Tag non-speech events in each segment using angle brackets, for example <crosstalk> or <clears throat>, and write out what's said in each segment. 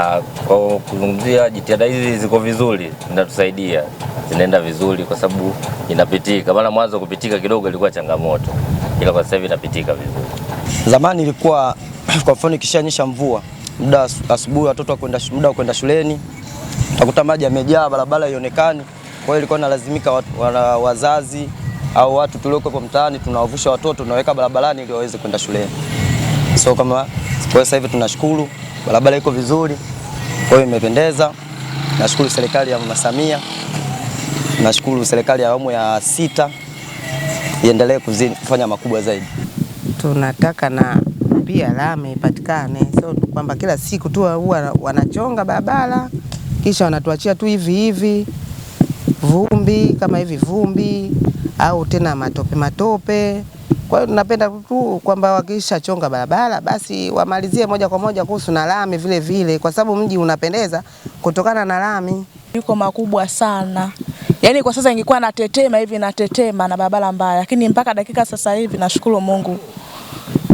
Ah, kwa kuzungumzia jitihada hizi ziko vizuri, zinatusaidia, zinaenda vizuri kwa sababu inapitika. Maana mwanzo kupitika kidogo ilikuwa changamoto, ila kwa sasa hivi inapitika vizuri. Zamani ilikuwa <clears throat> kwa mfano, ikishanyesha mvua muda asubuhi, watoto muda wa kwenda shuleni utakuta maji yamejaa, barabara ionekani Kwa hiyo ilikuwa inalazimika wazazi au watu tuliokuwa mtaani tunawavusha watoto tunaweka barabarani ili waweze kwenda shuleni. So kama kwa sasa hivi tunashukuru barabara iko vizuri, kwa hiyo imependeza. Nashukuru serikali ya Mama Samia, nashukuru serikali ya awamu ya sita iendelee kufanya makubwa zaidi. Tunataka na pia lami ipatikane, sio kwamba kila siku tu huwa wanachonga barabara kisha wanatuachia tu hivi hivi vumbi kama hivi vumbi au tena matope matope. Kwa hiyo tunapenda tu kwamba wakisha chonga barabara basi wamalizie moja kwa moja kuhusu na lami vile vile, kwa sababu mji unapendeza kutokana na lami. Yuko makubwa sana yaani, kwa sasa ingekuwa natetema hivi natetema na barabara mbaya, lakini mpaka dakika sasa hivi nashukuru Mungu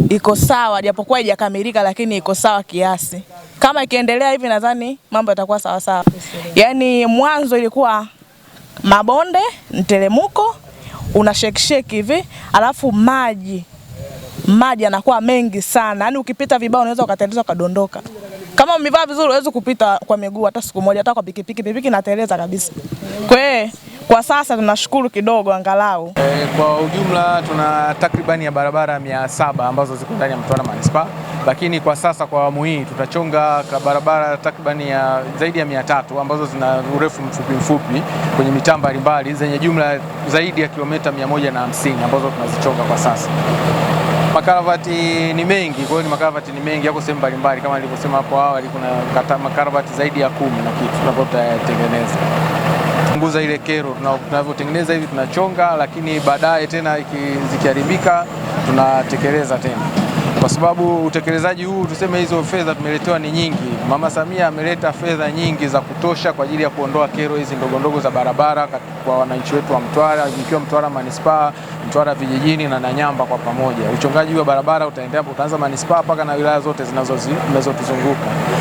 iko sawa, japokuwa haijakamilika lakini iko sawa kiasi. Kama ikiendelea hivi, nadhani mambo yatakuwa sawa sawa. Yaani mwanzo ilikuwa mabonde, mteremko una shake hivi, alafu maji maji yanakuwa mengi sana, yaani ukipita vibao unaweza ukateleza ukadondoka. Kama umevaa vizuri huwezi kupita kwa miguu hata siku moja, hata kwa pikipiki. Pikipiki inateleza kabisa. Kwa hiyo kwa sasa tunashukuru kidogo angalau. E, kwa ujumla tuna takribani ya barabara mia saba ambazo ziko ndani ya Mtwara manispaa lakini kwa sasa kwa awamu hii tutachonga barabara takribani ya zaidi ya mia tatu ambazo zina urefu mfupi mfupi kwenye mitaa mbalimbali zenye jumla zaidi ya kilomita mia moja na hamsini ambazo tunazichonga kwa sasa. Makaravati ni mengi, kwa hiyo ni makaravati ni mengi, yako sehemu mbalimbali kama nilivyosema hapo awali, kuna makaravati zaidi ya kumi na kitu tunavyo tutayatengeneza punguza ile kero tunavyotengeneza hivi tunachonga, lakini baadaye tena zikiharibika tunatekeleza tena kwa sababu utekelezaji huu tuseme, hizo fedha tumeletewa ni nyingi. Mama Samia ameleta fedha nyingi za kutosha kwa ajili ya kuondoa kero hizi ndogo ndogo za barabara kwa wananchi wetu wa Mtwara, ikiwa Mtwara manispaa, Mtwara vijijini na Nanyamba kwa pamoja. Uchongaji wa barabara utaendelea, utaanza manispaa mpaka na wilaya zote zinazotuzunguka.